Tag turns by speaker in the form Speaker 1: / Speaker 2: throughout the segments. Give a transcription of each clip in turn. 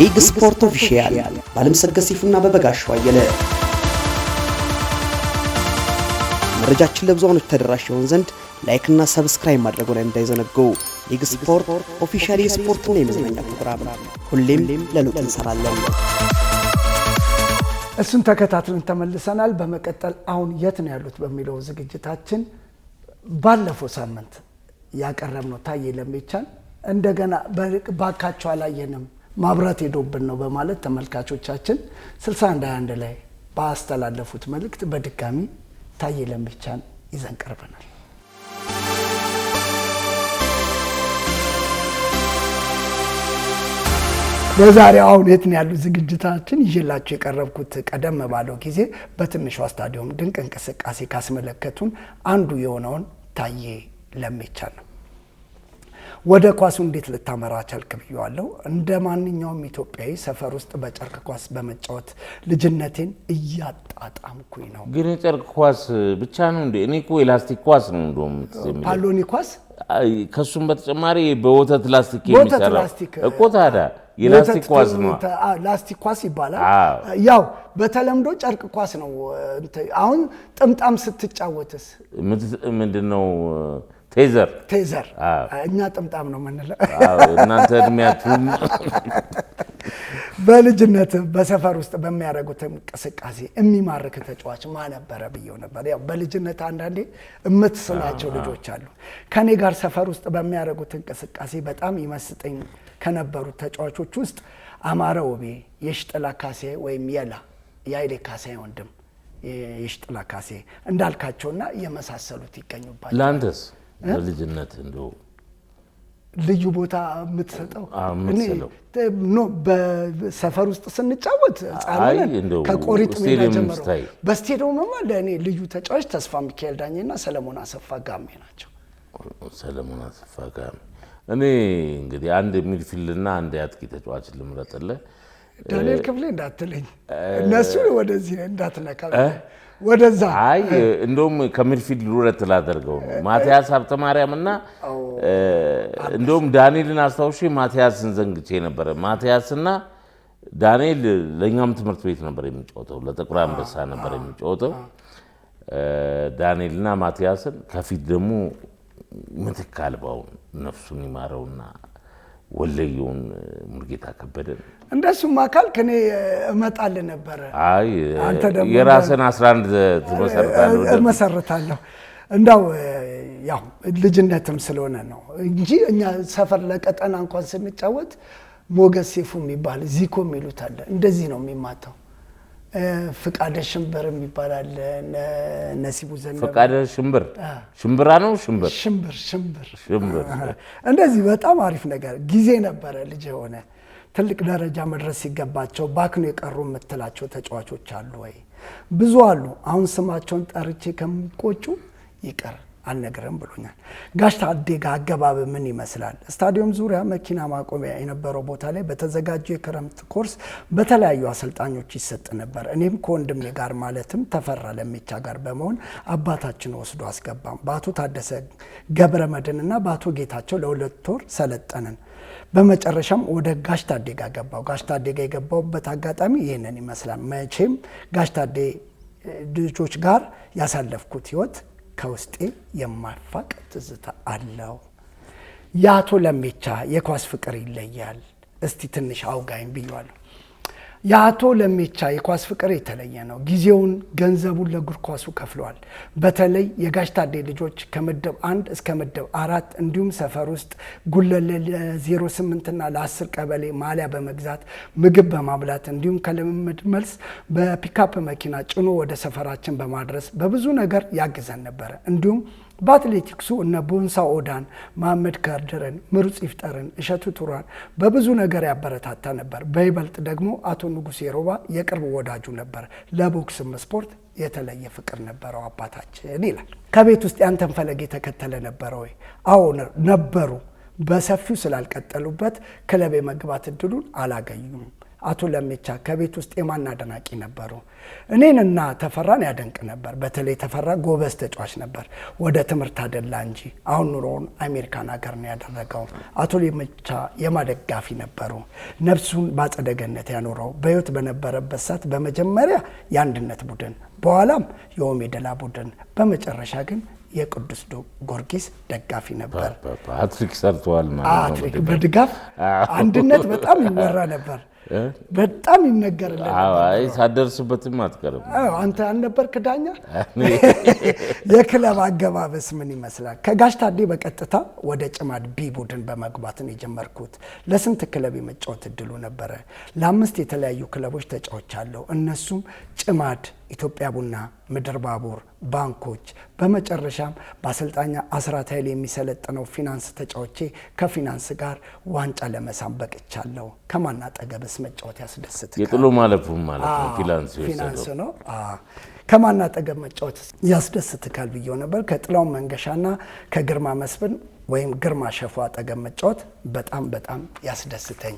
Speaker 1: ሊግ ስፖርት ኦፊሻል ባለምሰገድ ሲፉና በበጋሻው አየለ። መረጃችን ለብዙዎች ተደራሽ ይሆን ዘንድ ላይክ እና ሰብስክራይብ ማድረጉ ላይ እንዳይዘነጉ። ሊግ ስፖርት ኦፊሻል የስፖርትና የመዝናኛ ፕሮግራም ሁሌም ለለውጥ እንሰራለን።
Speaker 2: እሱን ተከታትለን ተመልሰናል። በመቀጠል አሁን የት ነው ያሉት በሚለው ዝግጅታችን ባለፈው ሳምንት ያቀረብነው ታዬ ለሜቻን እንደገና በባካቸው አላየንም ማብራት ሄዶብን ነው በማለት ተመልካቾቻችን 6121 ላይ ባስተላለፉት መልእክት በድጋሚ ታዬ ለምቻን ይዘን ቀርበናል። በዛሬ አሁን የት ነው ያሉት ዝግጅታችን ይዤላችሁ የቀረብኩት ቀደም ባለው ጊዜ በትንሿ ስታዲየም ድንቅ እንቅስቃሴ ካስመለከቱን አንዱ የሆነውን ታዬ ለምቻ ነው። ወደ ኳሱ እንዴት ልታመራ ቻልክ ብዬዋለሁ። እንደ ማንኛውም ኢትዮጵያዊ ሰፈር ውስጥ በጨርቅ ኳስ በመጫወት ልጅነቴን እያጣጣምኩኝ
Speaker 3: ነው። ግን የጨርቅ ኳስ ብቻ ነው እንዴ? እኔ እኮ የላስቲክ ኳስ ነው እንደውም
Speaker 2: ፓሎኒ ኳስ፣
Speaker 3: ከሱም በተጨማሪ በወተት ላስቲክ የሚሰራ እኮ ታዲያ የላስቲክ ኳስ ነው።
Speaker 2: ላስቲክ ኳስ ይባላል። ያው በተለምዶ ጨርቅ ኳስ ነው። አሁን ጥምጣም ስትጫወትስ
Speaker 3: ምንድን ነው? ቴዘር
Speaker 2: ቴዘር እኛ ጥምጣም ነው የምንለው።
Speaker 3: እናንተ
Speaker 2: በልጅነት በሰፈር ውስጥ በሚያደርጉት እንቅስቃሴ የሚማርክ ተጫዋች ማነበረ ብየው ነበር። ያው በልጅነት አንዳንዴ የምትስላቸው ልጆች አሉ። ከኔ ጋር ሰፈር ውስጥ በሚያደርጉት እንቅስቃሴ በጣም ይመስጠኝ ከነበሩት ተጫዋቾች ውስጥ አማረ ውቤ፣ የሽጥላ ካሴ ወይም የላ የአይሌ ካሴ ወንድም የሽጥላ ካሴ እንዳልካቸውና የመሳሰሉት ይገኙባቸዋል።
Speaker 3: በልጅነት እንደው
Speaker 2: ልዩ ቦታ የምትሰጠው በሰፈር ውስጥ ስንጫወት
Speaker 3: ከቆሪጥ ሜዳ ጀምሮ
Speaker 2: በስቴዲየምማ ለእኔ ልዩ ተጫዋች ተስፋ ሚካኤል ዳኜና ሰለሞን አሰፋ ጋሜ ናቸው።
Speaker 3: ሰለሞን አሰፋ ጋሜ። እኔ እንግዲህ አንድ ሚድፊልድና አንድ የአጥቂ ተጫዋች ልምረጥልህ።
Speaker 2: ዳንኤል ክፍሌ እንዳትለኝ፣ እነሱ ወደዚህ እንዳትነካ ወደዛ አይ
Speaker 3: እንደውም ከሚድፊልድ ሉረት ላደርገው ነው ማቲያስ ሀብተ ማርያም እና እንደውም ዳንኤልን አስታውሼ ማቲያስን ዘንግቼ ነበረ። ማቲያስ እና ዳንኤል ለእኛም ትምህርት ቤት ነበር የሚጫወተው፣ ለጥቁር አንበሳ ነበር የሚጫወተው። ዳንኤልና ማቲያስን ከፊት ደግሞ ምትክ አልባውን ነፍሱን ይማረውና ወለየውን ሙሉጌታ ከበደ
Speaker 2: እንደሱም አካል ከኔ እመጣል ነበረ።
Speaker 3: አይ የራስን 11 ትመሰርታለህ
Speaker 2: መሰርታለሁ። እንዳው ያው ልጅነትም ስለሆነ ነው እንጂ እኛ ሰፈር ለቀጠና እንኳን ስንጫወት ሞገስ ሴፉ የሚባል ዚኮ የሚሉት አለ። እንደዚህ ነው የሚማታው ፍቃደ ሽምብር የሚባላል ነሲቡ ዘነበ
Speaker 3: ፍቃደ ሽምብር ሽምብራ ነው። ሽምብር
Speaker 2: ሽምብር ሽምብር ሽምብር እንደዚህ በጣም አሪፍ ነገር ጊዜ ነበረ። ልጅ የሆነ ትልቅ ደረጃ መድረስ ሲገባቸው ባክኖ የቀሩ የምትላቸው ተጫዋቾች አሉ ወይ? ብዙ አሉ። አሁን ስማቸውን ጠርቼ ከምቆጩ ይቅር አልነገረም ብሎኛል። ጋሽ ታዴ አገባብ ምን ይመስላል? ስታዲየም ዙሪያ መኪና ማቆሚያ የነበረው ቦታ ላይ በተዘጋጀ የክረምት ኮርስ በተለያዩ አሰልጣኞች ይሰጥ ነበር። እኔም ከወንድሜ ጋር ማለትም ተፈራ ለሚቻ ጋር በመሆን አባታችን ወስዶ አስገባም። በአቶ ታደሰ ገብረ መድን በአቶ ጌታቸው ለሁለት ወር ሰለጠንን። በመጨረሻም ወደ ጋሽ ታዴ ገባው። ጋሽ ታዴ የገባውበት አጋጣሚ ይህንን ይመስላል። መቼም ጋሽ ታዴ ልጆች ጋር ያሳለፍኩት ህይወት ከውስጤ የማፋቅ ትዝታ አለው። የአቶ ለሜቻ የኳስ ፍቅር ይለያል። እስቲ ትንሽ አውጋኝ ብያለሁ። የአቶ ለሜቻ የኳስ ፍቅር የተለየ ነው። ጊዜውን ገንዘቡን ለእግር ኳሱ ከፍሏል። በተለይ የጋሽ ታዴ ልጆች ከምድብ አንድ እስከ ምድብ አራት እንዲሁም ሰፈር ውስጥ ጉለለ ለዜሮ 08 ለአስር ለ ቀበሌ ማሊያ በመግዛት ምግብ በማብላት እንዲሁም ከልምምድ መልስ በፒካፕ መኪና ጭኖ ወደ ሰፈራችን በማድረስ በብዙ ነገር ያግዘን ነበረ እንዲሁም በአትሌቲክሱ እነ ቦንሳ ኦዳን፣ መሐመድ ካርደረን፣ ምሩፅ ይፍጠርን፣ እሸቱ ቱራን በብዙ ነገር ያበረታታ ነበር። በይበልጥ ደግሞ አቶ ንጉሴ ሮባ የቅርብ ወዳጁ ነበር። ለቦክስም ስፖርት የተለየ ፍቅር ነበረው አባታችን ይላል። ከቤት ውስጥ ያንተን ፈለግ የተከተለ ነበረ ወይ? አዎ ነበሩ። በሰፊው ስላልቀጠሉበት ክለብ የመግባት እድሉን አላገኙም። አቶ ለሚቻ ከቤት ውስጥ የማን አድናቂ ነበሩ? እኔንና ተፈራን ያደንቅ ነበር። በተለይ ተፈራ ጎበዝ ተጫዋች ነበር። ወደ ትምህርት አደላ እንጂ አሁን ኑሮውን አሜሪካን ሀገር ነው ያደረገው። አቶ ለሚቻ የማደጋፊ ነበሩ። ነፍሱን በአጸደ ያኖረው በህይወት በነበረበት ሰዓት በመጀመሪያ የአንድነት ቡድን፣ በኋላም የኦሜደላ ቡድን፣ በመጨረሻ ግን የቅዱስ ጊዮርጊስ ደጋፊ ነበር።
Speaker 3: ሀትሪክ ሰርተዋል
Speaker 2: ማለት ነው። በድጋፍ አንድነት በጣም ይመራ ነበር። በጣም
Speaker 3: ይነገርልናል። ሳደርስበትም አትቀርም።
Speaker 2: አንተ ያልነበርክ ዳኛ። የክለብ አገባበስ ምን ይመስላል? ከጋሽ ታዴ በቀጥታ ወደ ጭማድ ቢ ቡድን በመግባትን የጀመርኩት። ለስንት ክለብ የመጫወት እድሉ ነበረ? ለአምስት የተለያዩ ክለቦች ተጫዎች አለው። እነሱም ጭማድ ኢትዮጵያ ቡና፣ ምድር ባቡር፣ ባንኮች በመጨረሻም በአሰልጣኛ አስራት ኃይል የሚሰለጥነው ፊናንስ ተጫዋቼ ከፊናንስ ጋር ዋንጫ ለመሳም በቅቻለሁ። ከማና አጠገብስ መጫወት ያስደስት
Speaker 3: የጥሎ ማለፉም ማለት ነው
Speaker 2: ፊናንስ ነው። ከማን አጠገብ መጫወት ያስደስትካል ብዬው ነበር። ከጥላውን መንገሻና ከግርማ መስፍን ወይም ግርማ ሸፉ አጠገብ መጫወት በጣም በጣም ያስደስተኝ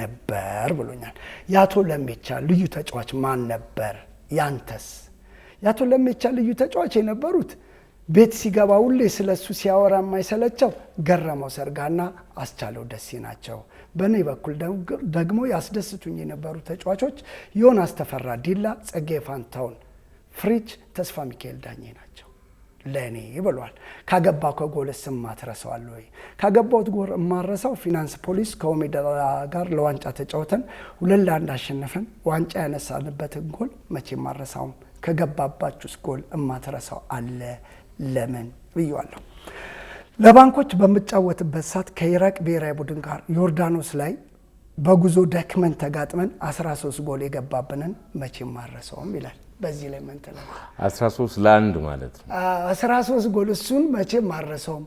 Speaker 2: ነበር ብሎኛል። የአቶ ለሜቻ ልዩ ተጫዋች ማን ነበር? ያንተስ? የአቶ ለሜቻ ልዩ ተጫዋች የነበሩት ቤት ሲገባ ሁሌ ስለ እሱ ሲያወራ የማይሰለቸው ገረመው ሰርጋና አስቻለው ደሴ ናቸው። በእኔ በኩል ደግሞ ያስደስቱኝ የነበሩ ተጫዋቾች ዮናስ ተፈራ ዲላ፣ ጸጌ፣ ፋንታውን፣ ፍሪጅ፣ ተስፋ ሚካኤል ዳኜ ናቸው። ለእኔ ብሏል። ካገባ ከጎልስ ማትረሰዋለሁ ወይ? ካገባሁት ጎል የማረሰው ፊናንስ ፖሊስ ከኦሜዳ ጋር ለዋንጫ ተጫውተን ሁለት ለአንድ ዋንጫ ያነሳንበትን ጎል መቼ ማረሳውም። ከገባባችሁስ ጎል እማትረሰው አለ ለምን ብያለሁ። ለባንኮች በምጫወትበት ሰዓት ከኢራቅ ብሔራዊ ቡድን ጋር ዮርዳኖስ ላይ በጉዞ ደክመን ተጋጥመን 13 ጎል የገባብንን መቼም አረሰውም ይላል። በዚህ ላይ መንት ነው
Speaker 3: 13 ለአንድ ማለት
Speaker 2: ነው። 13 ጎል እሱን መቼም አረሰውም።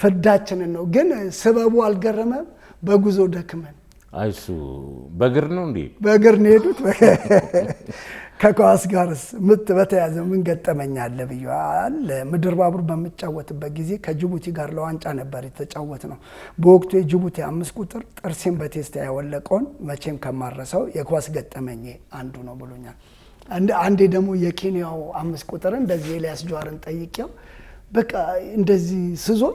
Speaker 2: ፍዳችንን ነው ግን ስበቡ አልገረመም። በጉዞ ደክመን
Speaker 3: አይሱ በእግር ነው እንዴ?
Speaker 2: በእግር ነው የሄዱት። ከኳስ ጋርስ ምት በተያዘ ምን ገጠመኝ አለ ብያል። ምድር ባቡር በምጫወትበት ጊዜ ከጅቡቲ ጋር ለዋንጫ ነበር የተጫወት ነው። በወቅቱ የጅቡቲ አምስት ቁጥር ጥርሴን በቴስታ ያወለቀውን መቼም ከማረሰው የኳስ ገጠመኝ አንዱ ነው ብሎኛል። አንዴ ደግሞ የኬንያው አምስት ቁጥር እንደዚህ ኤልያስ ጀዋርን ጠይቄው በቃ እንደዚህ ስዞር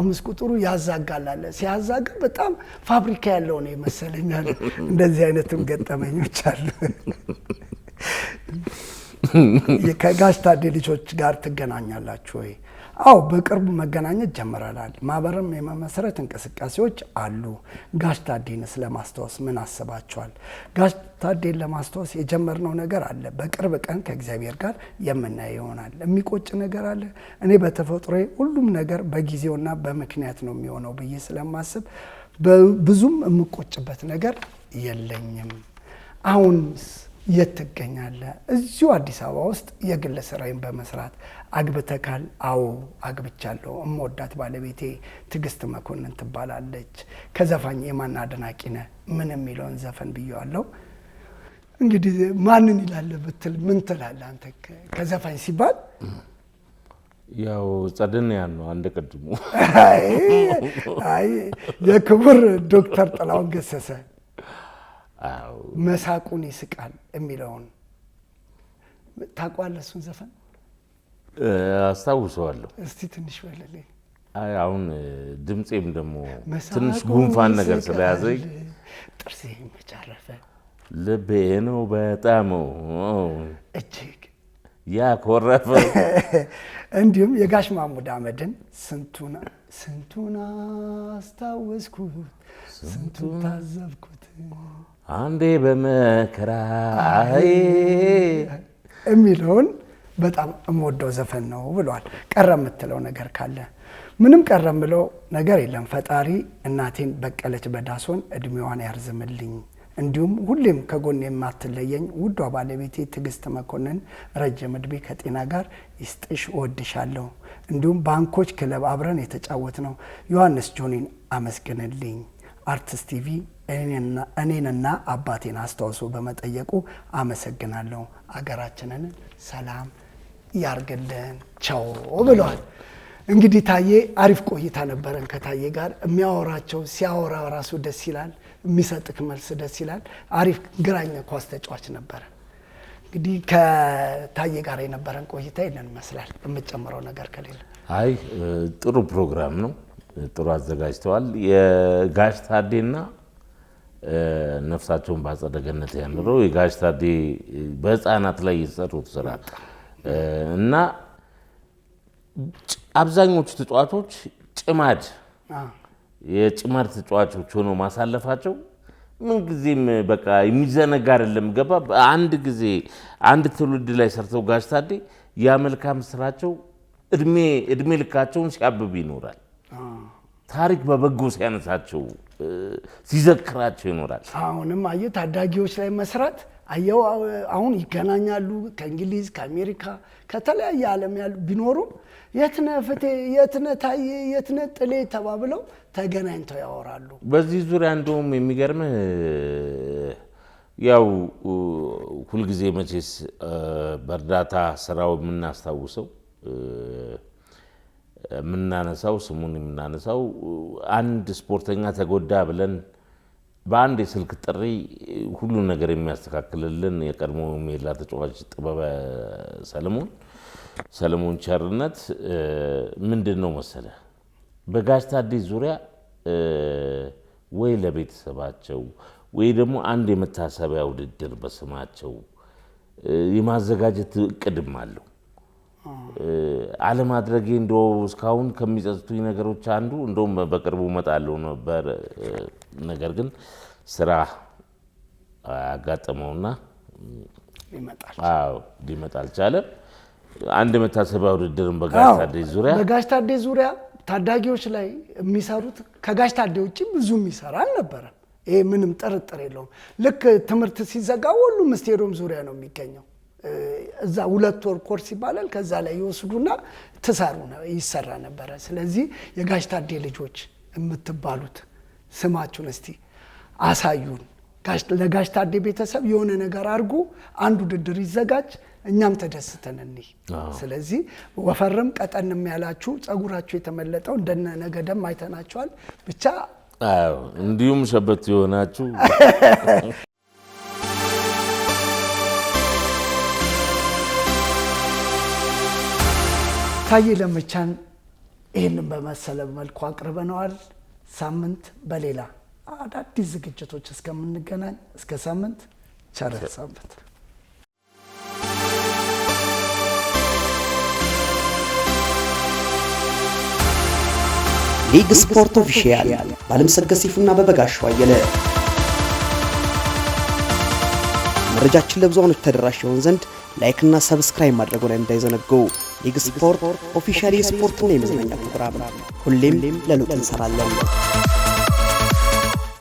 Speaker 2: አምስት ቁጥሩ ያዛጋላለ ሲያዛጋ በጣም ፋብሪካ ያለው ነው ይመስለኛል። እንደዚህ አይነትም ገጠመኞች አሉ። ከጋሽ ታዴ ልጆች ጋር ትገናኛላችሁ ወይ? አዎ በቅርቡ መገናኘት ጀምረናል። ማህበርም የመመሰረት እንቅስቃሴዎች አሉ። ጋሽ ታዴንስ ለማስታወስ ምን አስባቸዋል? ጋሽ ታዴን ለማስታወስ የጀመርነው ነገር አለ። በቅርብ ቀን ከእግዚአብሔር ጋር የምናየው ይሆናል። የሚቆጭ ነገር አለ። እኔ በተፈጥሮ ሁሉም ነገር በጊዜውና በምክንያት ነው የሚሆነው ብዬ ስለማስብ ብዙም የምቆጭበት ነገር የለኝም አሁን የት ትገኛለህ? እዚሁ አዲስ አበባ ውስጥ የግል ስራዬን በመስራት አግብተካል? አዎ አግብቻለሁ። እምወዳት ባለቤቴ ትግስት መኮንን ትባላለች። ከዘፋኝ የማን አድናቂ ነህ? ምን የሚለውን ዘፈን ብየዋለሁ። እንግዲህ ማንን ይላል ብትል ምን ትላለህ አንተ? ከዘፋኝ ሲባል
Speaker 3: ያው ጸደንያን ነው አንድ ቅድሙ።
Speaker 2: የክቡር ዶክተር ጥላሁን ገሰሰ መሳቁን ይስቃል የሚለውን ታውቀዋለህ? እሱን ዘፈን
Speaker 3: አስታውሰዋለሁ።
Speaker 2: እስቲ ትንሽ በልልኝ።
Speaker 3: አሁን ድምፄም ደግሞ ትንሽ ጉንፋን ነገር ስለያዘኝ ጥርሴ መጨረፈ። ልቤ ነው በጣም እጅግ ያኮረፈ
Speaker 2: እንዲሁም የጋሽ ማሙድ አመድን ስንቱን ስንቱን አስታወስኩት ስንቱን ታዘብኩት
Speaker 3: አንዴ በመከራዬ
Speaker 2: የሚለውን በጣም እምወደው ዘፈን ነው ብለዋል። ቀረ የምትለው ነገር ካለ ምንም ቀረ የምለው ነገር የለም። ፈጣሪ እናቴን በቀለች በዳሶን እድሜዋን ያርዝምልኝ። እንዲሁም ሁሌም ከጎን የማትለየኝ ውዷ ባለቤቴ ትዕግስት መኮንን ረጅም ዕድሜ ከጤና ጋር ይስጥሽ፣ እወድሻለሁ። እንዲሁም ባንኮች ክለብ አብረን የተጫወት ነው። ዮሐንስ ጆኒን አመስግንልኝ። አርቲስት ቲቪ እኔንና አባቴን አስተዋጽኦ በመጠየቁ አመሰግናለሁ። አገራችንን ሰላም ያርግልን። ቸው ብሏል። እንግዲህ ታዬ አሪፍ ቆይታ ነበረን ከታዬ ጋር። የሚያወራቸው ሲያወራ ራሱ ደስ ይላል፣ የሚሰጥክ መልስ ደስ ይላል። አሪፍ ግራኝ ኳስ ተጫዋች ነበረ። እንግዲህ ከታዬ ጋር የነበረን ቆይታ ይንን ይመስላል። የምጨምረው ነገር ከሌለ
Speaker 3: አይ ጥሩ ፕሮግራም ነው፣ ጥሩ አዘጋጅተዋል። የጋሽ ታዴና ነፍሳቸውን በአጸደ ገነት ያኑረው። የጋሽ ታዴ በህፃናት ላይ የተሰሩት ስራ እና አብዛኞቹ ተጫዋቾች ጭማድ የጭማድ ተጫዋቾች ሆኖ ማሳለፋቸው ምንጊዜም በቃ የሚዘነጋ አይደለም። ገባ አንድ ጊዜ አንድ ትውልድ ላይ ሰርተው ጋሽ ታዴ ያ መልካም ስራቸው እድሜ ልካቸውን ሲያብብ ይኖራል። ታሪክ በበጎ ሲያነሳቸው ሲዘክራቸው ይኖራል።
Speaker 2: አሁንም አየ ታዳጊዎች ላይ መስራት አየው አሁን ይገናኛሉ ከእንግሊዝ ከአሜሪካ ከተለያየ ዓለም ያሉ ቢኖሩም የትነ ፍቴ የትነ ታዬ የትነ ጥሌ ተባብለው ተገናኝተው ያወራሉ።
Speaker 3: በዚህ ዙሪያ እንደውም የሚገርም ያው ሁልጊዜ መቼስ በእርዳታ ስራው የምናስታውሰው የምናነሳው ስሙን የምናነሳው አንድ ስፖርተኛ ተጎዳ ብለን በአንድ የስልክ ጥሪ ሁሉን ነገር የሚያስተካክልልን የቀድሞ ሜላ ተጫዋች ጥበበ ሰለሞን ሰለሞን ቸርነት ምንድን ነው መሰለ በጋሽ አዲስ ዙሪያ ወይ ለቤተሰባቸው ወይ ደግሞ አንድ የመታሰቢያ ውድድር በስማቸው የማዘጋጀት እቅድም አለው። አለማድረጌ እንደ እስካሁን ከሚጸጽቱኝ ነገሮች አንዱ እንደውም በቅርቡ እመጣለሁ ነበር፣ ነገር ግን ስራ አጋጠመውና ሊመጣ አልቻለም። አንድ መታሰቢያ ውድድርን በጋሽ ታዴ ዙሪያ
Speaker 2: በጋሽ ታዴ ዙሪያ ታዳጊዎች ላይ የሚሰሩት ከጋሽ ታዴ ውጭ ብዙ የሚሰራ አልነበረም። ይሄ ምንም ጥርጥር የለውም። ልክ ትምህርት ሲዘጋ ሁሉም ስቴዲየም ዙሪያ ነው የሚገኘው። እዛ ሁለት ወር ኮርስ ይባላል። ከዛ ላይ ይወስዱና ትሰሩ ይሰራ ነበረ። ስለዚህ የጋሽ ታዴ ልጆች የምትባሉት ስማችሁን እስቲ አሳዩን። ለጋሽ ታዴ ቤተሰብ የሆነ ነገር አድርጉ፣ አንድ ውድድር ይዘጋጅ፣ እኛም ተደስተን እንይ። ስለዚህ ወፈርም ቀጠንም ያላችሁ ጸጉራችሁ የተመለጠው እንደነ ደም አይተናቸዋል ብቻ
Speaker 3: እንዲሁም ሸበት የሆናችሁ
Speaker 2: ታዬ ለመቻን ይህንን በመሰለ መልኩ አቅርበነዋል። ሳምንት በሌላ አዳዲስ ዝግጅቶች እስከምንገናኝ እስከ ሳምንት ቸር ሳምንት
Speaker 1: ሊግ ስፖርት ኦፊሻል በዓለም ሰገድ ሲፉና በበጋሽ አየለ መረጃችን ለብዙሃኖች ተደራሽ ይሆን ዘንድ ላይክና ሰብስክራይብ ላይ እንዳይዘነጉ። ሊግ ስፖርት ኦፊሻል የስፖርትና የመዝናኛ ፕሮግራም ሁሌም ለሉጥ እንሰራለን።